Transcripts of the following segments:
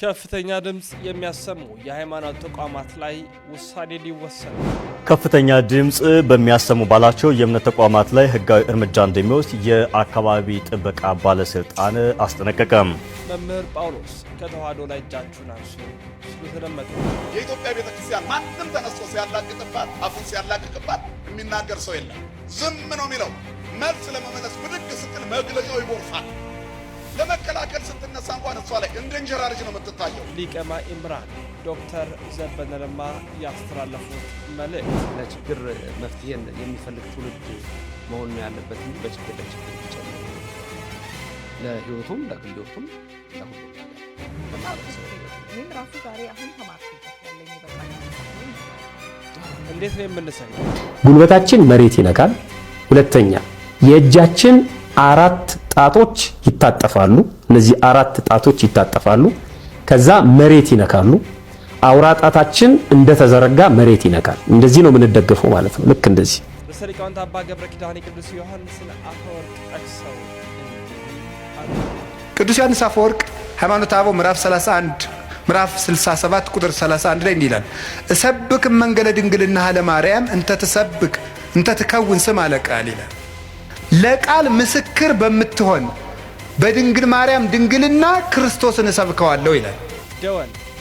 ከፍተኛ ድምፅ የሚያሰሙ የሃይማኖት ተቋማት ላይ ውሳኔ ሊወሰን ከፍተኛ ድምፅ በሚያሰሙ ባላቸው የእምነት ተቋማት ላይ ህጋዊ እርምጃ እንደሚወስድ የአካባቢ ጥበቃ ባለስልጣን አስጠነቀቀም። መምህር ጳውሎስ ከተዋህዶ ላይ እጃችሁን አንሱ ስለተደመጡ የኢትዮጵያ ቤተክርስቲያን ማንም ተነስቶ ሲያላቅቅባት አፉን ሲያላቅቅባት የሚናገር ሰው የለም። ዝም ነው የሚለው። መልስ ለመመለስ ብድግ ስትል መግለጫው ይጎርፋል። ለመከላከል ስትነሳ እንኳን እሷ ላይ እንደ እንጀራ ልጅ ነው የምትታየው። ሊቀማ ኢምራን ዶክተር ዘበነ ለማ ያስተላለፉት መልእክት ለችግር መፍትሄን የሚፈልግ ትውልድ መሆን ነው ያለበት እንጂ በችግር ለችግር ይጨል ለህይወቱም ለግልቱም ይህም ራሱ ዛሬ አሁን እንዴት ነው የምንሰኝ? ጉልበታችን መሬት ይነካል። ሁለተኛ የእጃችን አራት ጣቶች ይታጠፋሉ። እነዚህ አራት ጣቶች ይታጠፋሉ። ከዛ መሬት ይነካሉ። አውራ ጣታችን እንደተዘረጋ መሬት ይነካል። እንደዚህ ነው የምንደገፈው ማለት ነው። ልክ እንደዚህ ሊቃውንት አባ ገብረ ኪዳን ቅዱስ ዮሐንስን አፈወርቅ ጠቅሰው ቅዱስ ዮሐንስ አፈወርቅ ሃይማኖተ አበው ምዕራፍ 31 ምዕራፍ 67 ቁጥር 31 ላይ እንዲህ ይላል፣ እሰብክ መንገለ ድንግልና ለማርያም እንተ ትሰብክ እንተ ትከውን ስም አለቃል ይላል። ለቃል ምስክር በምትሆን በድንግል ማርያም ድንግልና ክርስቶስን እሰብከዋለሁ ይላል።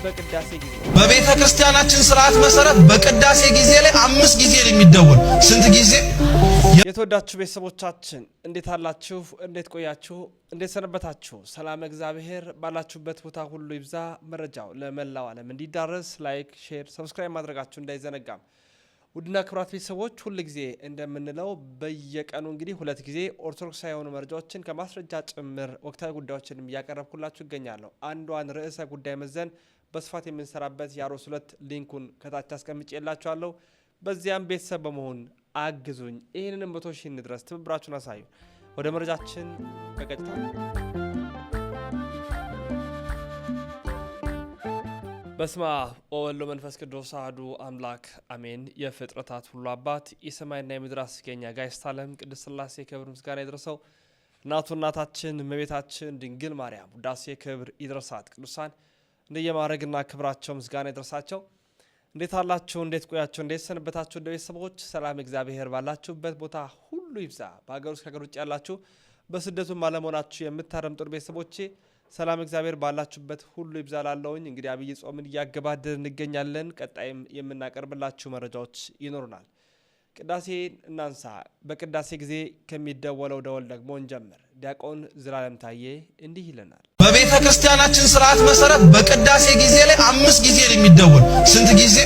በቅዳሴ በቤተ ክርስቲያናችን ስርዓት መሰረት በቅዳሴ ጊዜ ላይ አምስት ጊዜ ነው የሚደወል። ስንት ጊዜ? የተወዳችሁ ቤተሰቦቻችን እንዴት አላችሁ? እንዴት ቆያችሁ? እንዴት ሰነበታችሁ? ሰላም እግዚአብሔር ባላችሁበት ቦታ ሁሉ ይብዛ። መረጃው ለመላው ዓለም እንዲዳረስ ላይክ፣ ሼር፣ ሰብስክራይብ ማድረጋችሁ እንዳይዘነጋም ውድና ክብራት ቤተሰቦች ሁል ጊዜ እንደምንለው በየቀኑ እንግዲህ ሁለት ጊዜ ኦርቶዶክሳዊ የሆኑ መረጃዎችን ከማስረጃ ጭምር ወቅታዊ ጉዳዮችንም እያቀረብኩላችሁ ይገኛለሁ። አንዷን ርዕሰ ጉዳይ መዘን በስፋት የምንሰራበት የአሮስ ሁለት ሊንኩን ከታች አስቀምጬላችኋለሁ። በዚያም ቤተሰብ በመሆን አግዙኝ። ይህንንም መቶ ሺህ እንድረስ፣ ትብብራችሁን አሳዩ። ወደ መረጃችን በቀጥታ በስማ ወወሎ መንፈስ ቅዱስ አህዱ አምላክ አሜን። የፍጥረታት ሁሉ አባት የሰማይና የምድር አስገኛ ጋይስታለም ቅድስት ስላሴ ክብር ምስጋና ይድረሰው። እናቱ እናታችን እመቤታችን ድንግል ማርያም ውዳሴ ክብር ይድረሳት። ቅዱሳን እንደየማድረግና ክብራቸው ምስጋና ይድረሳቸው። እንዴት አላችሁ? እንዴት ቆያችሁ? እንዴት ሰንበታችሁ? እንደ ቤተሰቦች ሰላም እግዚአብሔር ባላችሁበት ቦታ ሁሉ ይብዛ። በሀገር ውስጥ ከሀገር ውጭ ያላችሁ በስደቱም አለመሆናችሁ የምታረምጡ ቤተሰቦቼ ሰላም እግዚአብሔር ባላችሁበት ሁሉ ይብዛላለውኝ። እንግዲህ አብይ ጾምን እያገባደድ እንገኛለን። ቀጣይም የምናቀርብላችሁ መረጃዎች ይኖሩናል። ቅዳሴ እናንሳ። በቅዳሴ ጊዜ ከሚደወለው ደወል ደግሞ እንጀምር። ዲያቆን ዝራለም ታዬ እንዲህ ይለናል። በቤተ ክርስቲያናችን ስርዓት መሰረት በቅዳሴ ጊዜ ላይ አምስት ጊዜ ነው የሚደወል። ስንት ጊዜ?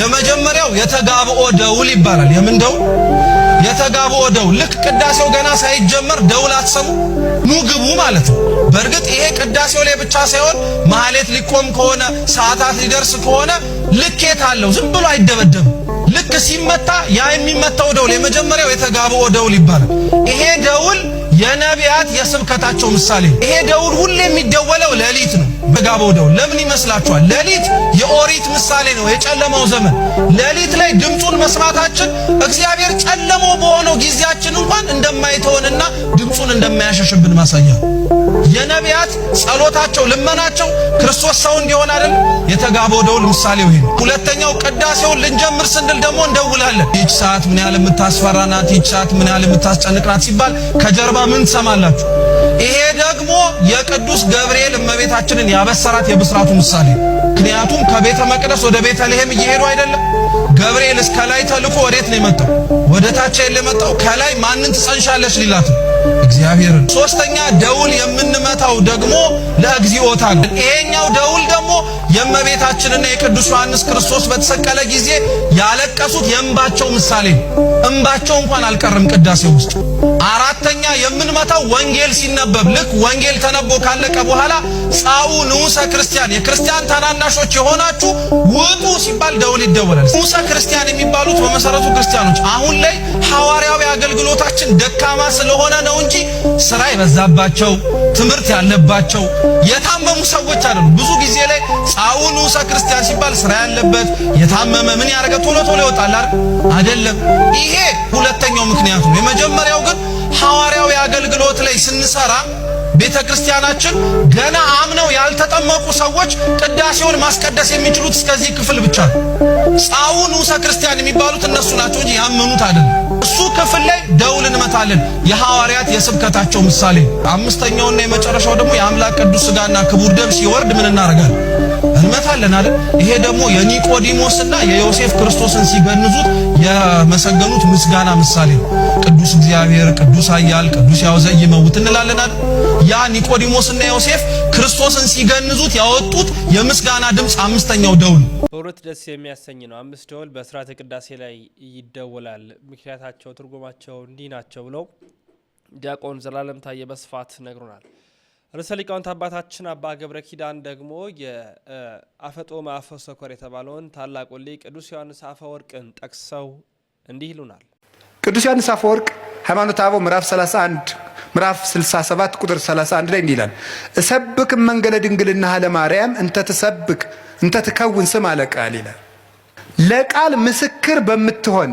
የመጀመሪያው የተጋብኦ ደውል ይባላል። የምን ደውል? ለተጋብኦ ደውል። ልክ ቅዳሴው ገና ሳይጀመር ደውል አትሰሙ ኑ ግቡ ማለት ነው። በእርግጥ ይሄ ቅዳሴው ላይ ብቻ ሳይሆን ማህሌት ሊቆም ከሆነ ሰዓታት ሊደርስ ከሆነ ልኬት አለው። ዝም ብሎ አይደበደብም። ልክ ሲመታ ያ የሚመታው ደውል የመጀመሪያው የተጋብኦ ደውል ይባላል። ይሄ ደውል የነቢያት የስብከታቸው ምሳሌ ይሄ ደውል ሁሌ የሚደወለው ሌሊት ነው። በጋባው ደውል ለምን ይመስላችኋል? ሌሊት የኦሪት ምሳሌ ነው። የጨለማው ዘመን ሌሊት ላይ ድምፁን መስማታችን እግዚአብሔር ጨለሞ በሆነው ጊዜያችን እንኳን እንደማይተወንና ድምፁን እንደማያሸሽብን ማሳያ የነቢያት ጸሎታቸው፣ ልመናቸው ክርስቶስ ሰው እንዲሆን አይደል የተጋበው ደውል ምሳሌው ይሄ። ሁለተኛው ቅዳሴውን ልንጀምር ስንል ደግሞ እንደውላለን። ይህች ሰዓት ምን ያህል የምታስፈራ ናት፣ ሰዓት ምን ያህል የምታስጨንቅናት ሲባል ከጀርባ ምን ትሰማላችሁ? ይሄ ደግሞ የቅዱስ ገብርኤል እመቤታችንን ያበሰራት የብስራቱ ምሳሌ። ምክንያቱም ከቤተ መቅደስ ወደ ቤተልሔም እየሄዱ አይደለም ገብርኤል እስከ ላይ ተልኮ ወዴት ነው የመጣው? ወደ ታች የለመጣው ከላይ ማንን ትጸንሻለች ሊላት እግዚአብሔር። ሶስተኛ ደውል የምንመታው ደግሞ ለእግዚኦታ ይሄኛው ደውል ደግሞ የእመቤታችንና የቅዱስ ዮሐንስ ክርስቶስ በተሰቀለ ጊዜ ያለቀሱት የእንባቸው ምሳሌ ነው። እንባቸው እንኳን አልቀርም ቅዳሴ ውስጥ። አራተኛ የምንመታው ወንጌል ሲነበብ ልክ ወንጌል ተነቦ ካለቀ በኋላ ጻኡ ንዑሰ ክርስቲያን የክርስቲያን ታናናሾች የሆናችሁ ውጡ ሲባል ደውል ይደወላል። ንዑሰ ክርስቲያን የሚባሉት በመሰረቱ ክርስቲያኖች አሁን ላይ ሐዋርያዊ አገልግሎታችን ደካማ ስለሆነ ነው እንጂ ስራ የበዛባቸው ትምህርት ያለባቸው የታመሙ ሰዎች አሉ። ብዙ ጊዜ ላይ ጻውሉ ክርስቲያን ሲባል ስራ ያለበት የታመመ ምን ያደረገ ቶሎ ቶሎ ይወጣል አይደለም። ይሄ ሁለተኛው ምክንያት ነው የመጀመሪያው ግን ሐዋርያዊ አገልግሎት ላይ ስንሰራ ቤተ ክርስቲያናችን ገና አምነው ያልተጠመቁ ሰዎች ቅዳሴውን ማስቀደስ የሚችሉት እስከዚህ ክፍል ብቻ ነው። ጻውን ውሰ ክርስቲያን የሚባሉት እነሱ ናቸው እንጂ ያመኑት አይደለም። እሱ ክፍል ላይ ደውል እንመታለን። የሐዋርያት የስብከታቸው ምሳሌ አምስተኛውና የመጨረሻው ደግሞ የአምላክ ቅዱስ ሥጋና ክቡር ደም ሲወርድ ምን እናደርጋለን? እንመታለን አይደል? ይሄ ደግሞ የኒቆዲሞስና የዮሴፍ ክርስቶስን ሲገንዙት የመሰገኑት ምስጋና ምሳሌ ቅዱስ እግዚአብሔር፣ ቅዱስ አያል ቅዱስ ያው ይመውት እንላለን አይደል? ያ ኒቆዲሞስና ዮሴፍ ክርስቶስን ሲገንዙት ያወጡት የምስጋና ድምፅ አምስተኛው ደውል በእውነት ደስ የሚያሰኝ ነው። አምስት ደውል በስርዓተ ቅዳሴ ላይ ይደወላል። ምክንያታቸው ናቸው፣ ትርጉማቸው እንዲህ ናቸው ብለው ዲያቆን ዘላለም ታየ በስፋት ነግሮናል። ርዕሰ ሊቃውንት አባታችን አባ ገብረ ኪዳን ደግሞ የአፈጦማ አፈ ሰኮር የተባለውን ታላቁ ሊቅ ቅዱስ ዮሐንስ አፈ ወርቅን ጠቅሰው እንዲህ ይሉናል። ቅዱስ ዮሐንስ አፈ ወርቅ ሃይማኖተ አበው ምዕራፍ 31 ምዕራፍ 67 ቁጥር 31 ላይ እንዲህ ይላል። እሰብክ መንገለ ድንግልና ለማርያም እንተ ትሰብክ እንተ ትከውን ስም አለቃል ይላል። ለቃል ምስክር በምትሆን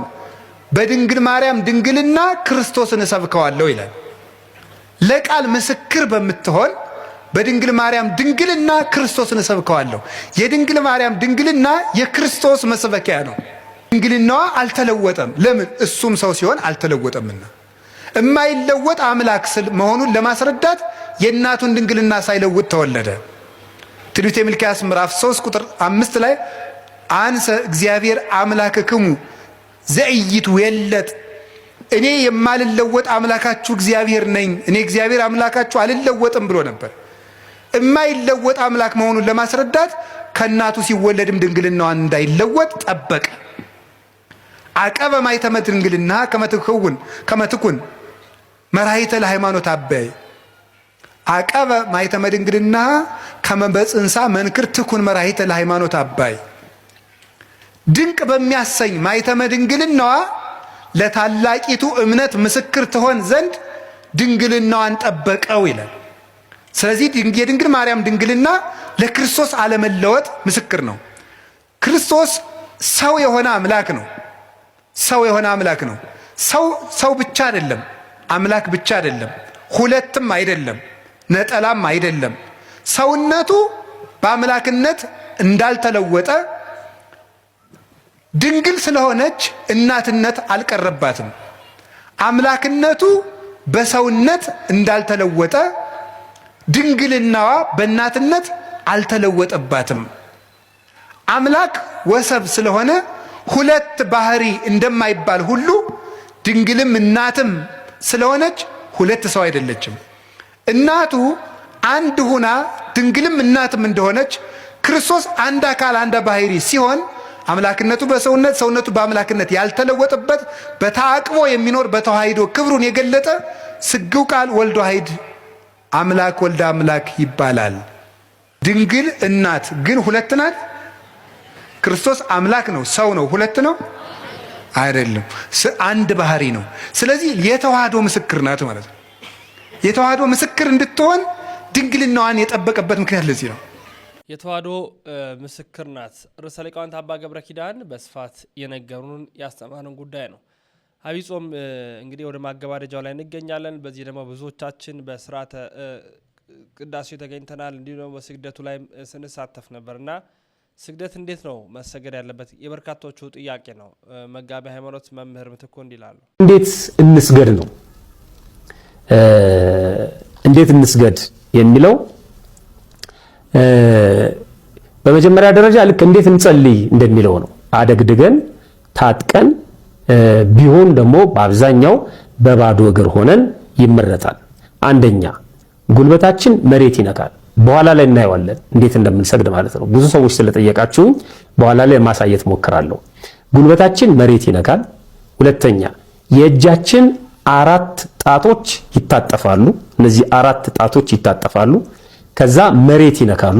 በድንግል ማርያም ድንግልና ክርስቶስን እሰብከዋለሁ ይላል። ለቃል ምስክር በምትሆን በድንግል ማርያም ድንግልና ክርስቶስን እሰብከዋለሁ። የድንግል ማርያም ድንግልና የክርስቶስ መስበኪያ ነው። ድንግልናዋ አልተለወጠም። ለምን? እሱም ሰው ሲሆን አልተለወጠምና እማይለወጥ አምላክ ስል መሆኑን ለማስረዳት የእናቱን ድንግልና ሳይለውጥ ተወለደ። ትንቢተ ሚልክያስ ምዕራፍ 3 ቁጥር 5 ላይ አንሰ እግዚአብሔር አምላክክሙ ዘእይቱ የለጥ እኔ የማልለወጥ አምላካችሁ እግዚአብሔር ነኝ፣ እኔ እግዚአብሔር አምላካችሁ አልለወጥም ብሎ ነበር። የማይለወጥ አምላክ መሆኑን ለማስረዳት ከእናቱ ሲወለድም ድንግልናዋን እንዳይለወጥ ጠበቀ። አቀበ ማይተመ ድንግልና ከመትክውን ከመትኩን መራይተ ለሃይማኖት አበይ አቀበ ማይተመ ድንግልና ከመበጽንሳ መንክር ትኩን መራይተ ለሃይማኖት አባይ ድንቅ በሚያሰኝ ማይተመ ድንግልናዋ ለታላቂቱ እምነት ምስክር ትሆን ዘንድ ድንግልናዋን ጠበቀው ይላል። ስለዚህ የድንግል ማርያም ድንግልና ለክርስቶስ አለመለወጥ ምስክር ነው። ክርስቶስ ሰው የሆነ አምላክ ነው። ሰው የሆነ አምላክ ነው። ሰው ሰው ብቻ አይደለም፣ አምላክ ብቻ አይደለም፣ ሁለትም አይደለም፣ ነጠላም አይደለም። ሰውነቱ በአምላክነት እንዳልተለወጠ ድንግል ስለሆነች እናትነት አልቀረባትም። አምላክነቱ በሰውነት እንዳልተለወጠ ድንግልናዋ በእናትነት አልተለወጠባትም። አምላክ ወሰብ ስለሆነ ሁለት ባህሪ እንደማይባል ሁሉ ድንግልም እናትም ስለሆነች ሁለት ሰው አይደለችም። እናቱ አንድ ሁና ድንግልም እናትም እንደሆነች ክርስቶስ አንድ አካል አንድ ባህሪ ሲሆን አምላክነቱ በሰውነት ሰውነቱ በአምላክነት ያልተለወጠበት በታቅቦ የሚኖር በተዋሂዶ ክብሩን የገለጠ ስግው ቃል ወልድ ሀይድ አምላክ ወልድ አምላክ ይባላል። ድንግል እናት ግን ሁለት ናት። ክርስቶስ አምላክ ነው፣ ሰው ነው። ሁለት ነው አይደለም፣ አንድ ባህሪ ነው። ስለዚህ የተዋህዶ ምስክር ናት ማለት ነው። የተዋህዶ ምስክር እንድትሆን ድንግልናዋን የጠበቀበት ምክንያት ለዚህ ነው። የተዋህዶ ምስክር ናት። ርዕሰ ሊቃውንት አባ ገብረ ኪዳን በስፋት የነገሩን ያስተማሩን ጉዳይ ነው። አብይ ጾም እንግዲህ ወደ ማገባደጃው ላይ እንገኛለን። በዚህ ደግሞ ብዙዎቻችን በስርዓተ ቅዳሴ ተገኝተናል። እንዲሁ ደግሞ በስግደቱ ላይ ስንሳተፍ ነበር እና ስግደት እንዴት ነው መሰገድ ያለበት የበርካቶቹ ጥያቄ ነው። መጋቢ ሃይማኖት መምህር ምትኮ እንዲላሉ እንዴት እንስገድ ነው እንዴት እንስገድ የሚለው በመጀመሪያ ደረጃ ልክ እንዴት እንጸልይ እንደሚለው ነው። አደግድገን ታጥቀን ቢሆን ደግሞ በአብዛኛው በባዶ እግር ሆነን ይመረጣል። አንደኛ ጉልበታችን መሬት ይነካል። በኋላ ላይ እናየዋለን እንዴት እንደምንሰግድ ማለት ነው። ብዙ ሰዎች ስለጠየቃችሁኝ በኋላ ላይ ማሳየት ሞክራለሁ። ጉልበታችን መሬት ይነካል። ሁለተኛ የእጃችን አራት ጣቶች ይታጠፋሉ። እነዚህ አራት ጣቶች ይታጠፋሉ። ከዛ መሬት ይነካሉ።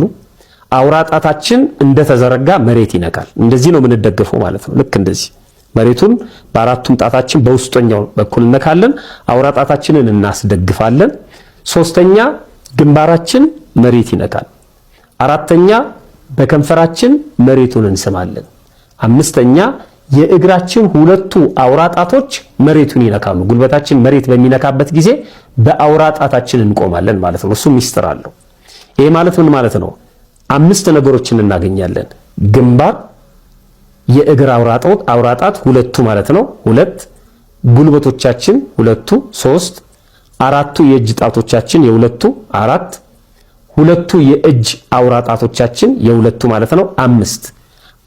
አውራጣታችን እንደተዘረጋ መሬት ይነካል። እንደዚህ ነው የምንደገፈው ማለት ነው። ልክ እንደዚህ መሬቱን በአራቱም ጣታችን በውስጠኛው በኩል እነካለን። አውራጣታችንን እናስደግፋለን። ሶስተኛ ግንባራችን መሬት ይነካል። አራተኛ በከንፈራችን መሬቱን እንስማለን። አምስተኛ የእግራችን ሁለቱ አውራጣቶች መሬቱን ይነካሉ። ጉልበታችን መሬት በሚነካበት ጊዜ በአውራጣታችን እንቆማለን ማለት ነው። እሱ ሚስጥር አለው። ይሄ ማለት ምን ማለት ነው? አምስት ነገሮችን እናገኛለን። ግንባር፣ የእግር አውራጣት አውራጣት ሁለቱ ማለት ነው ሁለት ጉልበቶቻችን ሁለቱ ሶስት አራቱ የእጅ ጣቶቻችን የሁለቱ አራት ሁለቱ የእጅ አውራጣቶቻችን የሁለቱ ማለት ነው አምስት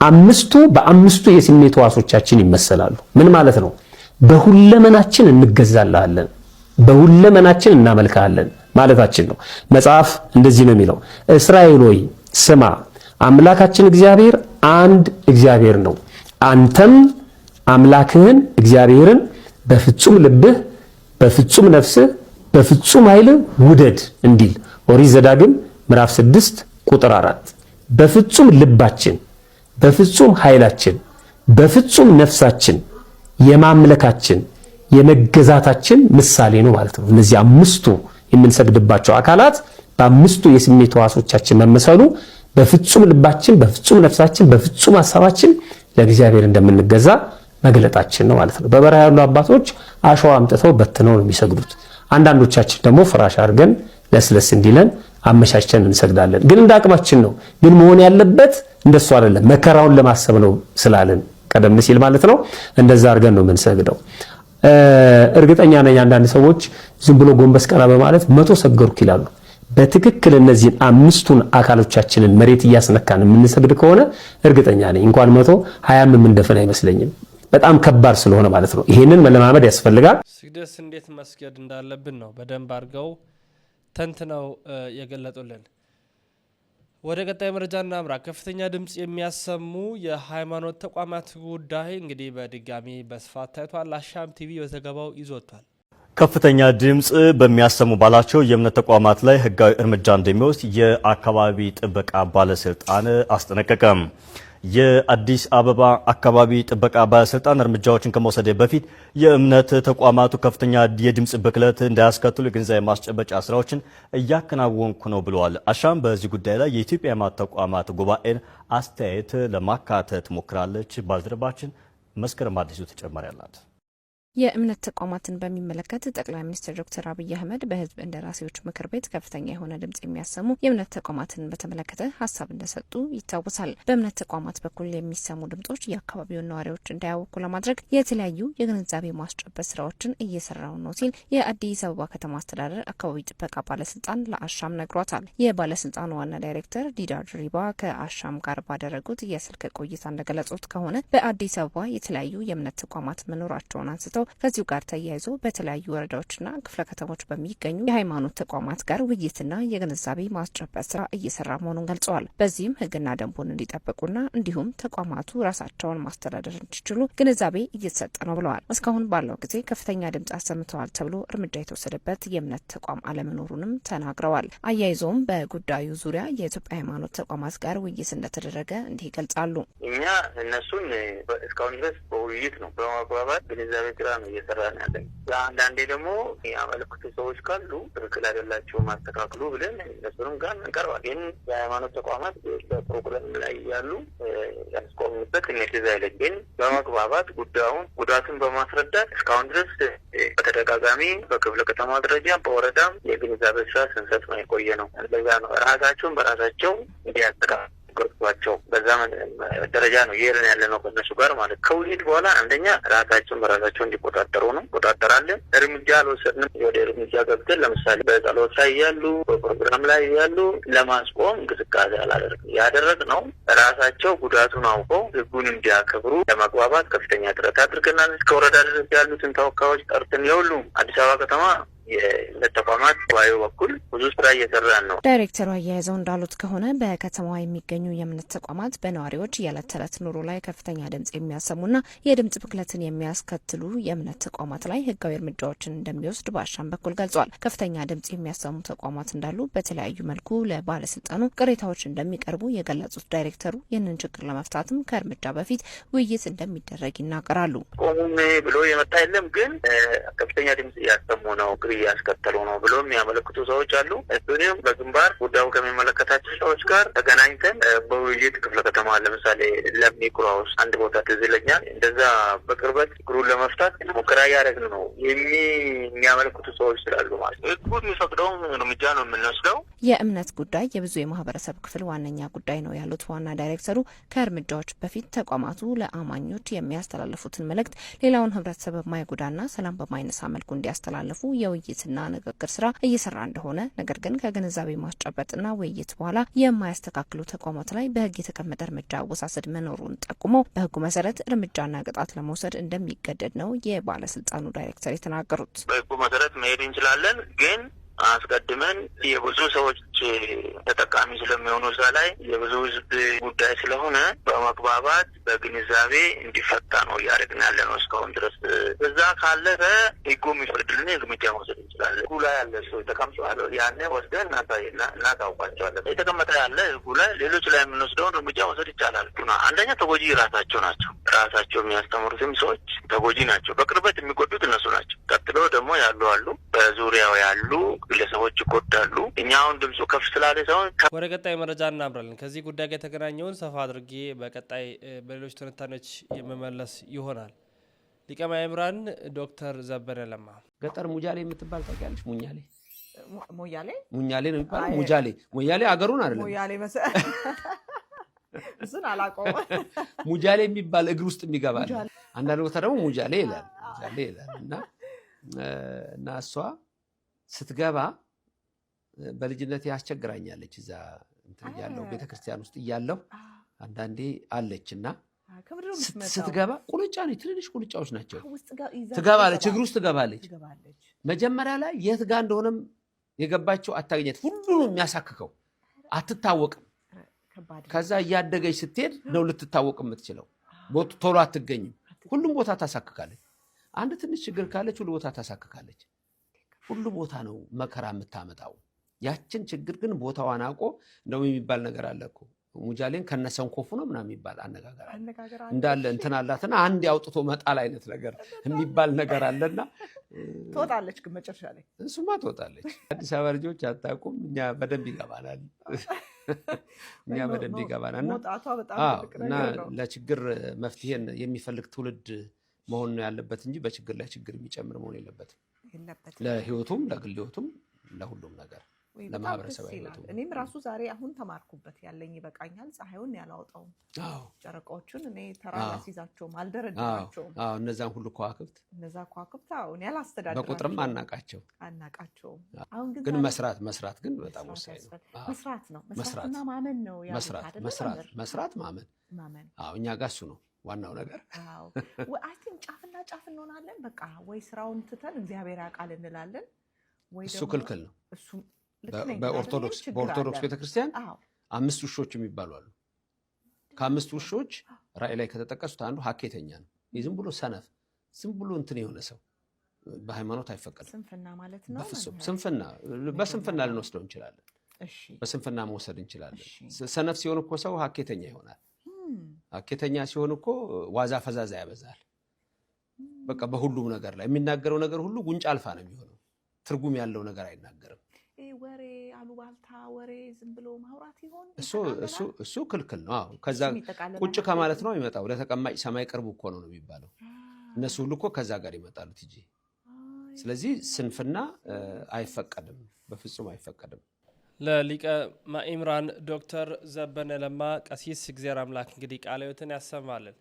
አምስቱ በአምስቱ የስሜት ዋሶቻችን ይመሰላሉ። ምን ማለት ነው? በሁለመናችን እንገዛልሃለን፣ በሁለመናችን እናመልካለን? ማለታችን ነው። መጽሐፍ እንደዚህ ነው የሚለው፣ እስራኤል ሆይ ስማ፣ አምላካችን እግዚአብሔር አንድ እግዚአብሔር ነው። አንተም አምላክህን እግዚአብሔርን በፍጹም ልብህ፣ በፍጹም ነፍስህ፣ በፍጹም ኃይልህ ውደድ እንዲል ኦሪት ዘዳግም ምዕራፍ 6 ቁጥር 4። በፍጹም ልባችን፣ በፍጹም ኃይላችን፣ በፍጹም ነፍሳችን የማምለካችን የመገዛታችን ምሳሌ ነው ማለት ነው እነዚህ አምስቱ የምንሰግድባቸው አካላት በአምስቱ የስሜት ዋሶቻችን መመሰሉ በፍጹም ልባችን፣ በፍጹም ነፍሳችን፣ በፍጹም ሀሳባችን ለእግዚአብሔር እንደምንገዛ መግለጣችን ነው ማለት ነው። በበረሃ ያሉ አባቶች አሸዋ አምጥተው በትነው ነው የሚሰግዱት። አንዳንዶቻችን ደግሞ ፍራሽ አድርገን ለስለስ እንዲለን አመቻችተን እንሰግዳለን። ግን እንደ አቅማችን ነው። ግን መሆን ያለበት እንደሱ አይደለም። መከራውን ለማሰብ ነው ስላለን ቀደም ሲል ማለት ነው። እንደዛ አድርገን ነው የምንሰግደው። እርግጠኛ ነኝ አንዳንድ ሰዎች ዝም ብሎ ጎንበስ ቀና በማለት መቶ ሰገሩክ ይላሉ። በትክክል እነዚህን አምስቱን አካሎቻችንን መሬት እያስነካን የምንሰግድ ከሆነ እርግጠኛ ነኝ እንኳን መቶ ሀያም የምንደፍን አይመስለኝም። በጣም ከባድ ስለሆነ ማለት ነው። ይህንን መለማመድ ያስፈልጋል። ስግደት እንዴት መስገድ እንዳለብን ነው በደንብ አድርገው ተንትነው የገለጡልን። ወደ ቀጣይ መረጃ እናምራ። ከፍተኛ ድምፅ የሚያሰሙ የሃይማኖት ተቋማት ጉዳይ እንግዲህ በድጋሚ በስፋት ታይቷል። አሻም ቲቪ በዘገባው ይዞቷል። ከፍተኛ ድምፅ በሚያሰሙ ባላቸው የእምነት ተቋማት ላይ ህጋዊ እርምጃ እንደሚወስድ የአካባቢ ጥበቃ ባለስልጣን አስጠነቀቀም። የአዲስ አበባ አካባቢ ጥበቃ ባለስልጣን እርምጃዎችን ከመውሰደ በፊት የእምነት ተቋማቱ ከፍተኛ የድምፅ ብክለት እንዳያስከትሉ የግንዛቤ ማስጨበጫ ስራዎችን እያከናወንኩ ነው ብለዋል። አሻም በዚህ ጉዳይ ላይ የኢትዮጵያ ሃይማኖት ተቋማት ጉባኤን አስተያየት ለማካተት ሞክራለች። ባልደረባችን መስከረም አዲሱ ተጨማሪ አላት። የእምነት ተቋማትን በሚመለከት ጠቅላይ ሚኒስትር ዶክተር አብይ አህመድ በህዝብ እንደራሴዎች ምክር ቤት ከፍተኛ የሆነ ድምጽ የሚያሰሙ የእምነት ተቋማትን በተመለከተ ሀሳብ እንደሰጡ ይታወሳል። በእምነት ተቋማት በኩል የሚሰሙ ድምጾች የአካባቢውን ነዋሪዎች እንዳያወቁ ለማድረግ የተለያዩ የግንዛቤ ማስጨበጥ ስራዎችን እየሰራው ነው ሲል የአዲስ አበባ ከተማ አስተዳደር አካባቢ ጥበቃ ባለስልጣን ለአሻም ነግሯታል። የባለስልጣኑ ዋና ዳይሬክተር ዲዳ ድሪባ ከአሻም ጋር ባደረጉት የስልክ ቆይታ እንደገለጹት ከሆነ በአዲስ አበባ የተለያዩ የእምነት ተቋማት መኖራቸውን አንስተው አመልክተው ከዚሁ ጋር ተያይዞ በተለያዩ ወረዳዎችና ክፍለ ከተሞች በሚገኙ የሃይማኖት ተቋማት ጋር ውይይትና የግንዛቤ ማስጨበጥ ስራ እየሰራ መሆኑን ገልጸዋል። በዚህም ህግና ደንቡን እንዲጠብቁና እንዲሁም ተቋማቱ ራሳቸውን ማስተዳደር እንዲችሉ ግንዛቤ እየተሰጠ ነው ብለዋል። እስካሁን ባለው ጊዜ ከፍተኛ ድምጽ አሰምተዋል ተብሎ እርምጃ የተወሰደበት የእምነት ተቋም አለመኖሩንም ተናግረዋል። አያይዞም በጉዳዩ ዙሪያ የኢትዮጵያ ሃይማኖት ተቋማት ጋር ውይይት እንደተደረገ እንዲህ ይገልጻሉ። እኛ እነሱን እስካሁን ድረስ በውይይት ነው በማግባባት ግንዛቤ ነው እየሰራ ነው ያለ። አንዳንዴ ደግሞ ያመለክቱ ሰዎች ካሉ ትክክል አይደላቸው ማስተካክሉ ብለን እነሱንም ጋር እንቀርባል። ግን የሃይማኖት ተቋማት በፕሮግራም ላይ ያሉ እኔ እነዚህ ዛይለ ግን በመግባባት ጉዳዩን ጉዳቱን በማስረዳት እስካሁን ድረስ በተደጋጋሚ በክፍለ ከተማ ደረጃ በወረዳም የግንዛቤ ስራ ስንሰጥ ነው የቆየ ነው። ለዛ ነው ራሳቸውን በራሳቸው እንዲያስተካክሉ ያናገርኳቸው በዛ ደረጃ ነው ይሄን ያለ ነው ከነሱ ጋር ማለት ከውሊድ በኋላ አንደኛ ራሳቸውን በራሳቸው እንዲቆጣጠሩ ነው። ቆጣጠራለን። እርምጃ አልወሰድንም። ወደ እርምጃ ገብተን ለምሳሌ በጸሎት ላይ ያሉ በፕሮግራም ላይ ያሉ ለማስቆም እንቅስቃሴ ያደረግ ነው ራሳቸው ጉዳቱን አውቀው ህጉን እንዲያከብሩ ለመግባባት ከፍተኛ ጥረት አድርገናል። እስከ ወረዳ ድረስ ያሉትን ተወካዮች ጠርተን የሁሉም አዲስ አበባ ከተማ የእምነት ተቋማት ጉባኤው በኩል ብዙ ስራ እየሰራን ነው። ዳይሬክተሩ አያይዘው እንዳሉት ከሆነ በከተማዋ የሚገኙ የእምነት ተቋማት በነዋሪዎች የዕለት ተዕለት ኑሮ ላይ ከፍተኛ ድምጽ የሚያሰሙና የድምጽ ብክለትን የሚያስከትሉ የእምነት ተቋማት ላይ ህጋዊ እርምጃዎችን እንደሚወስድ በአሻም በኩል ገልጿል። ከፍተኛ ድምጽ የሚያሰሙ ተቋማት እንዳሉ በተለያዩ መልኩ ለባለስልጣኑ ቅሬታዎች እንደሚቀርቡ የገለጹት ዳይሬክተሩ ይህንን ችግር ለመፍታትም ከእርምጃ በፊት ውይይት እንደሚደረግ ይናገራሉ። ቆሙም ብሎ የመጣ የለም፣ ግን ከፍተኛ ድምጽ እያሰሙ ነው ግብ እያስከተሉ ነው ብሎ የሚያመለክቱ ሰዎች አሉ። እሱንም በግንባር ጉዳዩ ከሚመለከታቸው ሰዎች ጋር ተገናኝተን በውይይት ክፍለ ከተማ ለምሳሌ ለሚኩራ ውስጥ አንድ ቦታ ትዝ ይለኛል። እንደዛ በቅርበት ችግሩን ለመፍታት ሙከራ እያደረግን ነው የሚያመለክቱ ሰዎች ስላሉ ማለት ነው። ህዝቡ እርምጃ ነው የምንወስደው። የእምነት ጉዳይ የብዙ የማህበረሰብ ክፍል ዋነኛ ጉዳይ ነው ያሉት ዋና ዳይሬክተሩ ከእርምጃዎች በፊት ተቋማቱ ለአማኞች የሚያስተላልፉትን መልእክት ሌላውን ህብረተሰብ በማይጎዳና ሰላም በማይነሳ መልኩ እንዲያስተላልፉ የው የውይይትና ንግግር ስራ እየሰራ እንደሆነ ነገር ግን ከግንዛቤ ማስጨበጥና ውይይት በኋላ የማያስተካክሉ ተቋማት ላይ በህግ የተቀመጠ እርምጃ አወሳሰድ መኖሩን ጠቁሞ በህጉ መሰረት እርምጃና ቅጣት ለመውሰድ እንደሚገደድ ነው የባለስልጣኑ ዳይሬክተር የተናገሩት። በህጉ መሰረት መሄድ እንችላለን ግን አስቀድመን የብዙ ሰዎች ተጠቃሚ ስለሚሆኑ እዛ ላይ የብዙ ህዝብ ጉዳይ ስለሆነ በመግባባት በግንዛቤ እንዲፈታ ነው እያደረግን ያለ ነው እስካሁን ድረስ። እዛ ካለፈ ሕጉ የሚፈቅድልን እርምጃ መውሰድ እንችላለን። ሕጉ ላይ ያለ ሰው ተቀምጠዋል፣ ያኔ ወስደን እናታውቋቸዋለን። የተቀመጠ ያለ ጉ ላይ ሌሎች ላይ የምንወስደውን እርምጃ መውሰድ ይቻላል። አንደኛ ተጎጂ ራሳቸው ናቸው። ራሳቸው የሚያስተምሩትም ሰዎች ተጎጂ ናቸው። በቅርበት የሚጎዱት እነሱ ናቸው። ቀጥሎ ደግሞ ያሉ አሉ፣ በዙሪያው ያሉ ግለሰቦች ይጎዳሉ። እኛ አሁን ድምፁ ከፍ ስላለ ሳይሆን ወደ ቀጣይ መረጃ እናምራለን። ከዚህ ጉዳይ ጋር የተገናኘውን ሰፋ አድርጌ በቀጣይ በሌሎች ትንታኔዎች የመመለስ ይሆናል። ሊቀ ማእምራን ዶክተር ዘበነ ለማ ገጠር ሙጃሌ የምትባል ታውቂያለሽ? ሙኛሌ ሙያሌ ሙኛሌ ነው የሚባለው። ሙጃሌ ሙያሌ አገሩን አይደለም ሙያሌ መሰለህ። እሱን አላውቀውም። ሙጃሌ የሚባል እግር ውስጥ የሚገባል። አንዳንድ ቦታ ደግሞ ሙጃሌ ይላል ይላል እና እና እሷ ስትገባ በልጅነት ያስቸግራኛለች። እዛ እንትን እያለሁ ቤተክርስቲያን ውስጥ እያለሁ አንዳንዴ አለች እና ስትገባ ቁልጫ ነች። ትንንሽ ቁልጫዎች ናቸው። ትገባለች፣ እግር ውስጥ ትገባለች። መጀመሪያ ላይ የት ጋር እንደሆነም የገባቸው አታገኘት። ሁሉም የሚያሳክከው አትታወቅም። ከዛ እያደገች ስትሄድ ነው ልትታወቅ የምትችለው። ቶሎ አትገኝም። ሁሉም ቦታ ታሳክካለች። አንድ ትንሽ ችግር ካለች ሁሉ ቦታ ታሳክካለች። ሁሉ ቦታ ነው መከራ የምታመጣው። ያችን ችግር ግን ቦታዋን አውቆ እንደውም የሚባል ነገር አለ እኮ ሙጃሌን ከነሰንኮፉ ነው ምናምን የሚባል አነጋገር እንዳለ እንትን አላትና አንድ ያውጥቶ መጣል አይነት ነገር የሚባል ነገር አለና ትወጣለች። ግን መጨረሻ ላይ እሱማ ትወጣለች። አዲስ አበባ ልጆች አታውቁም። እኛ በደንብ ይገባናል፣ እኛ በደንብ ይገባናል። ለችግር መፍትሄን የሚፈልግ ትውልድ መሆን ነው ያለበት እንጂ በችግር ላይ ችግር የሚጨምር መሆን የለበትም። ለህይወቱም ለግል ህይወቱም ለሁሉም ነገር ለማህበረሰብ እኔም ራሱ ዛሬ አሁን ተማርኩበት ያለኝ ይበቃኛል። ፀሐዩን ያላውጠውም ጨረቃዎቹን እኔ ተራ ሲዛቸውም አልደረድራቸውም። እነዛን ሁሉ ከዋክብት እነዛ ከዋክብት እኔ አላስተዳድራቸውም፣ በቁጥርም አናቃቸው አናቃቸውም። አሁን ግን መስራት መስራት ግን በጣም ወሳኝ ነው። መስራት ነው መስራትና ማመን ነው መስራት መስራት ማመን እኛ ጋር እሱ ነው ዋናው ነገር አይ ቲንክ ጫፍና ጫፍ እንሆናለን። በቃ ወይ ስራውን ትተን እግዚአብሔር ያውቃል እንላለን። እሱ ክልክል ነው። በኦርቶዶክስ ቤተክርስቲያን አምስት ውሾች የሚባሉ አሉ። ከአምስት ውሾች ራእይ ላይ ከተጠቀሱት አንዱ ሀኬተኛ ነው። ዝም ብሎ ሰነፍ፣ ዝም ብሎ እንትን የሆነ ሰው በሃይማኖት አይፈቀድም። ስንፍና ማለት ነው። በፍጹም ስንፍና በስንፍና ልንወስደው እንችላለን። በስንፍና መውሰድ እንችላለን። ሰነፍ ሲሆን እኮ ሰው ሀኬተኛ ይሆናል። አኬተኛ ሲሆን እኮ ዋዛ ፈዛዛ ያበዛል። በቃ በሁሉም ነገር ላይ የሚናገረው ነገር ሁሉ ጉንጭ አልፋ ነው የሚሆነው። ትርጉም ያለው ነገር አይናገርም። ወሬ አሉባልታ፣ ወሬ ዝም ብሎ ማውራት ይሆን እሱ ክልክል ነው። ከዛ ቁጭ ከማለት ነው የሚመጣው። ለተቀማጭ ሰማይ ቅርቡ እኮ ነው ነው የሚባለው። እነሱ ሁሉ እኮ ከዛ ጋር ይመጣሉት ትጂ። ስለዚህ ስንፍና አይፈቀድም፣ በፍጹም አይፈቀድም። ለሊቀ ማእምራን ዶክተር ዘበነ ለማ ቀሲስ እግዚአብሔር አምላክ እንግዲህ ቃለ ሕይወትን ያሰማልን።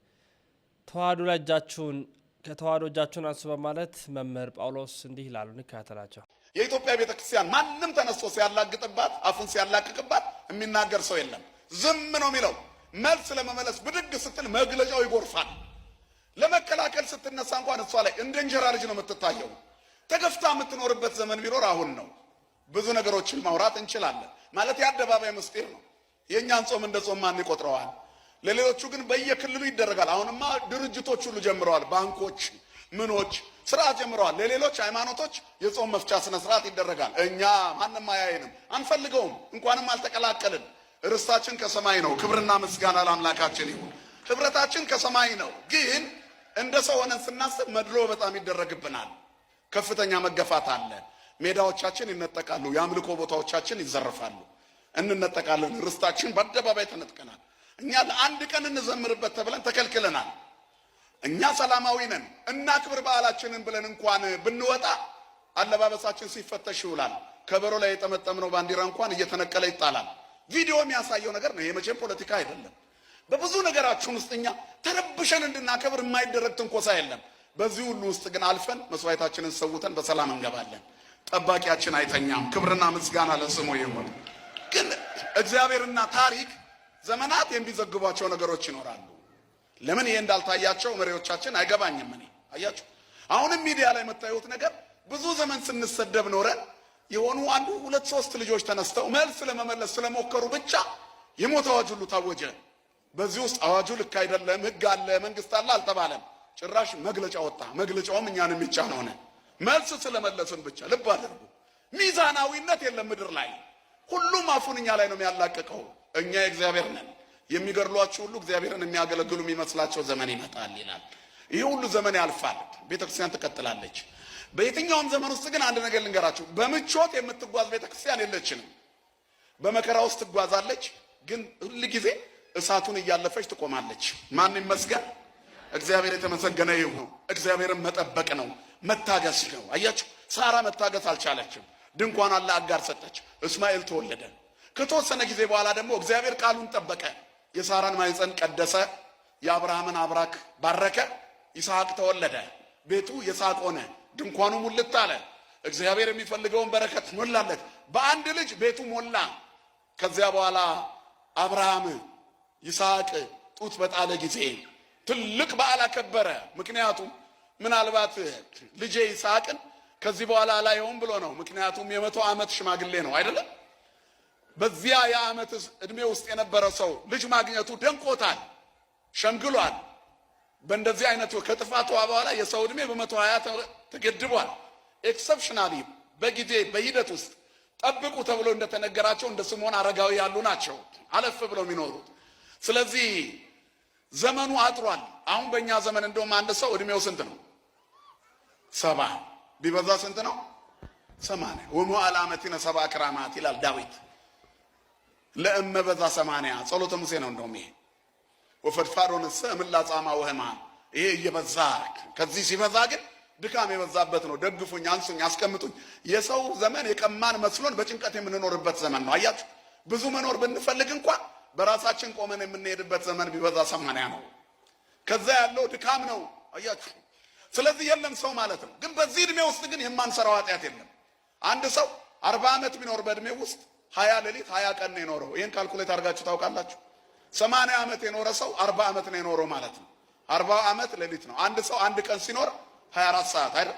ተዋህዶ ላይ እጃችሁን ከተዋህዶ እጃችሁን አንሱ በማለት መምህር ጳውሎስ እንዲህ ይላሉ። እንከታተላቸው። የኢትዮጵያ ቤተ ክርስቲያን ማንም ተነስቶ ሲያላግጥባት፣ አፉን ሲያላቅቅባት የሚናገር ሰው የለም። ዝም ነው የሚለው። መልስ ለመመለስ ብድግ ስትል መግለጫው ይጎርፋል። ለመከላከል ስትነሳ እንኳን እሷ ላይ እንደ እንጀራ ልጅ ነው የምትታየው። ተገፍታ የምትኖርበት ዘመን ቢኖር አሁን ነው። ብዙ ነገሮችን ማውራት እንችላለን። ማለት የአደባባይ ምስጢር ነው። የእኛን ጾም እንደ ጾም ማን ይቆጥረዋል? ለሌሎቹ ግን በየክልሉ ይደረጋል። አሁንማ ድርጅቶች ሁሉ ጀምረዋል። ባንኮች፣ ምኖች ስርዓት ጀምረዋል። ለሌሎች ሃይማኖቶች የጾም መፍቻ ስነ ስርዓት ይደረጋል። እኛ ማንም አያይንም፣ አንፈልገውም፣ እንኳንም አልተቀላቀልን። ርስታችን ከሰማይ ነው። ክብርና ምስጋና ለአምላካችን ይሁን። ህብረታችን ከሰማይ ነው። ግን እንደ ሰው ሆነን ስናስብ መድሎ በጣም ይደረግብናል። ከፍተኛ መገፋት አለ። ሜዳዎቻችን ይነጠቃሉ፣ የአምልኮ ቦታዎቻችን ይዘርፋሉ፣ እንነጠቃለን። ርስታችን በአደባባይ ተነጥቀናል። እኛ ለአንድ ቀን እንዘምርበት ተብለን ተከልክለናል። እኛ ሰላማዊ ነን፣ እናክብር በዓላችንን ብለን እንኳን ብንወጣ አለባበሳችን ሲፈተሽ ይውላል። ከበሮ ላይ የጠመጠምነው ባንዲራ እንኳን እየተነቀለ ይጣላል። ቪዲዮ የሚያሳየው ነገር ነው። የመቼም ፖለቲካ አይደለም። በብዙ ነገራችን ውስጥ እኛ ተረብሸን እንድናከብር የማይደረግ ትንኮሳ የለም። በዚህ ሁሉ ውስጥ ግን አልፈን መስዋዕታችንን ሰውተን በሰላም እንገባለን። ጠባቂያችን አይተኛም። ክብርና ምስጋና ለስሙ ይሁን። ግን እግዚአብሔርና ታሪክ ዘመናት የሚዘግቧቸው ነገሮች ይኖራሉ። ለምን ይሄ እንዳልታያቸው መሪዎቻችን አይገባኝም። እኔ አያችሁ፣ አሁንም ሚዲያ ላይ የምታዩት ነገር ብዙ ዘመን ስንሰደብ ኖረን የሆኑ አንዱ ሁለት ሶስት ልጆች ተነስተው መልስ ለመመለስ ስለሞከሩ ብቻ የሞት አዋጅ ሁሉ ታወጀ። በዚህ ውስጥ አዋጁ ልክ አይደለም፣ ህግ አለ፣ መንግስት አለ አልተባለም። ጭራሽ መግለጫ ወጣ። መግለጫውም እኛን የሚጫን ሆነ። መልስ ስለመለስን ብቻ ልብ አድርጉ። ሚዛናዊነት የለም ምድር ላይ ሁሉም አፉን እኛ ላይ ነው የሚያላቀቀው እኛ የእግዚአብሔር ነን። የሚገድሏችሁ ሁሉ እግዚአብሔርን የሚያገለግሉ የሚመስላቸው ዘመን ይመጣል ይላል። ይህ ሁሉ ዘመን ያልፋል። ቤተክርስቲያን ትቀጥላለች። በየትኛውም ዘመን ውስጥ ግን አንድ ነገር ልንገራችሁ፣ በምቾት የምትጓዝ ቤተክርስቲያን የለችንም። በመከራ ውስጥ ትጓዛለች፣ ግን ሁል ጊዜ እሳቱን እያለፈች ትቆማለች። ማን ይመስገን? እግዚአብሔር የተመሰገነ ይሁን። እግዚአብሔርን መጠበቅ ነው። መታገስ ነው። አያችሁ፣ ሳራ መታገስ አልቻለችም። ድንኳን አለ አጋር ሰጠች፣ እስማኤል ተወለደ። ከተወሰነ ጊዜ በኋላ ደግሞ እግዚአብሔር ቃሉን ጠበቀ። የሳራን ማይፀን ቀደሰ፣ የአብርሃምን አብራክ ባረከ፣ ይስሐቅ ተወለደ። ቤቱ የሳቅ ሆነ፣ ድንኳኑ ሙልት አለ። እግዚአብሔር የሚፈልገውን በረከት ሞላለት። በአንድ ልጅ ቤቱ ሞላ። ከዚያ በኋላ አብርሃም ይስሐቅ ጡት በጣለ ጊዜ ትልቅ በዓል አከበረ። ምክንያቱም ምናልባት ልጄ ይስሐቅን ከዚህ በኋላ አላየውም ብሎ ነው። ምክንያቱም የመቶ ዓመት ሽማግሌ ነው አይደለም። በዚያ የዓመት እድሜ ውስጥ የነበረ ሰው ልጅ ማግኘቱ ደንቆታል፣ ሸምግሏል። በእንደዚህ አይነት ከጥፋቷ በኋላ የሰው እድሜ በመቶ ሀያ ተገድቧል። ኤክሰፕሽናሊ በጊዜ በሂደት ውስጥ ጠብቁ ተብሎ እንደተነገራቸው እንደ ስምዖን አረጋዊ ያሉ ናቸው አለፍ ብለው የሚኖሩት። ስለዚህ ዘመኑ አጥሯል። አሁን በእኛ ዘመን እንደውም አንድ ሰው እድሜው ስንት ነው? ሰባ ቢበዛ ስንት ነው? ሰማንያ ወሙ አላመቲነ ሰባ ክራማት ይላል ዳዊት ለእመ በዛ ሰማንያ ጸሎተ ሙሴ ነው። እንደውም ይሄ ወፈድፋዶን ሰምላ ጻማ ወህማ ይሄ እየበዛ ከዚህ ሲበዛ ግን ድካም የበዛበት ነው። ደግፉኝ፣ አንሱኝ፣ አስቀምጡኝ። የሰው ዘመን የቀማን መስሎን በጭንቀት የምንኖርበት ዘመን ነው። አያችሁ ብዙ መኖር ብንፈልግ እንኳን በራሳችን ቆመን የምንሄድበት ዘመን ቢበዛ ሰማንያ ነው። ከዛ ያለው ድካም ነው። አያችሁ ስለዚህ የለም ሰው ማለት ነው። ግን በዚህ እድሜ ውስጥ ግን የማንሰራው ኃጢአት የለም። አንድ ሰው አርባ ዓመት ቢኖር በእድሜ ውስጥ ሀያ ሌሊት ሀያ ቀን ነው የኖረው። ይህን ካልኩሌት አድርጋችሁ ታውቃላችሁ? ሰማንያ ዓመት የኖረ ሰው አርባ ዓመት ነው የኖረው ማለት ነው። አርባ ዓመት ሌሊት ነው። አንድ ሰው አንድ ቀን ሲኖር ሀያ አራት ሰዓት አይደል?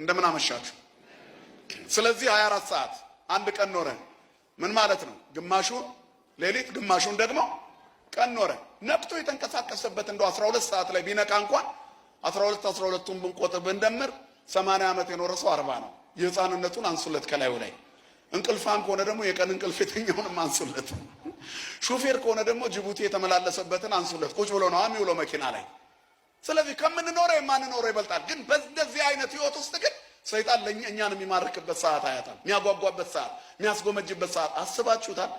እንደምን አመሻችሁ። ስለዚህ ሀያ አራት ሰዓት አንድ ቀን ኖረ ምን ማለት ነው? ግማሹን ሌሊት ግማሹን ደግሞ ቀን ኖረ። ነቅቶ የተንቀሳቀሰበት እንደ አስራ ሁለት ሰዓት ላይ ቢነቃ እንኳን 12 12ቱን ብንቆጥር ብንደምር 80 ዓመት የኖረ ሰው አርባ ነው። የህፃንነቱን አንሱለት ከላዩ ላይ እንቅልፋም ከሆነ ደግሞ የቀን እንቅልፍ የተኛውንም አንሱለት። ሹፌር ከሆነ ደግሞ ጅቡቲ የተመላለሰበትን አንሱለት። ቁጭ ብሎ ነው የሚውለው መኪና ላይ። ስለዚህ ከምንኖረው የማንኖረው ይበልጣል። ግን በእንደዚህ አይነት ህይወት ውስጥ ግን ሰይጣን ለእኛ እኛን የሚማርክበት ሰዓት አያጣም። የሚያጓጓበት ሰዓት፣ የሚያስጎመጅበት ሰዓት አስባችሁታል?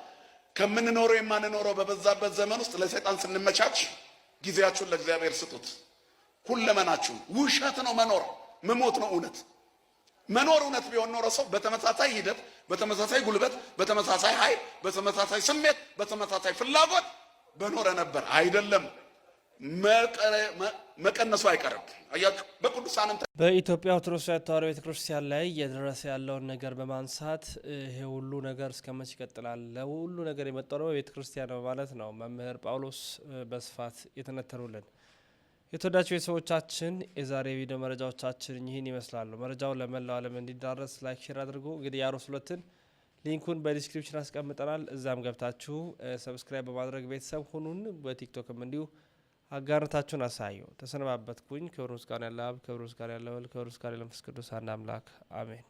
ከምንኖረው የማንኖረው በበዛበት ዘመን ውስጥ ለሰይጣን ስንመቻች ጊዜያችሁን ለእግዚአብሔር ስጡት። ሁለመናችሁ ውሸት ነው። መኖር መሞት ነው እውነት። መኖር እውነት ቢሆን ኖረ ሰው በተመሳሳይ ሂደት፣ በተመሳሳይ ጉልበት፣ በተመሳሳይ ኃይል፣ በተመሳሳይ ስሜት፣ በተመሳሳይ ፍላጎት በኖረ ነበር። አይደለም መቀነሱ አይቀርም። አያችሁ በቅዱሳንም በኢትዮጵያ ኦርቶዶክስ ተዋሕዶ ቤተ ላይ እየደረሰ ያለውን ነገር በማንሳት ይሄ ሁሉ ነገር እስከ መቼ ይቀጥላል? ሁሉ ነገር የመጣው ደግሞ ቤተ ነው ማለት ነው። መምህር ጳውሎስ በስፋት የተነተሩልን የተወዳጅ ቤተሰቦቻችን የዛሬ ቪዲዮ መረጃዎቻችን ይህን ይመስላሉ። መረጃው ለመላው ዓለም እንዲዳረስ ላይክ፣ ሼር አድርጉ። እንግዲህ የአሮስ ሁለትን ሊንኩን በዲስክሪፕሽን አስቀምጠናል። እዛም ገብታችሁ ሰብስክራይብ በማድረግ ቤተሰብ ሁኑን። በቲክቶክም እንዲሁ አጋርነታችሁን አሳዩ። ተሰነባበትኩኝ። ክብር ምስጋና ያለ አብ፣ ክብር ምስጋና ያለ ወልድ፣ ክብር ምስጋና ያለ መንፈስ ቅዱስ አንድ አምላክ አሜን።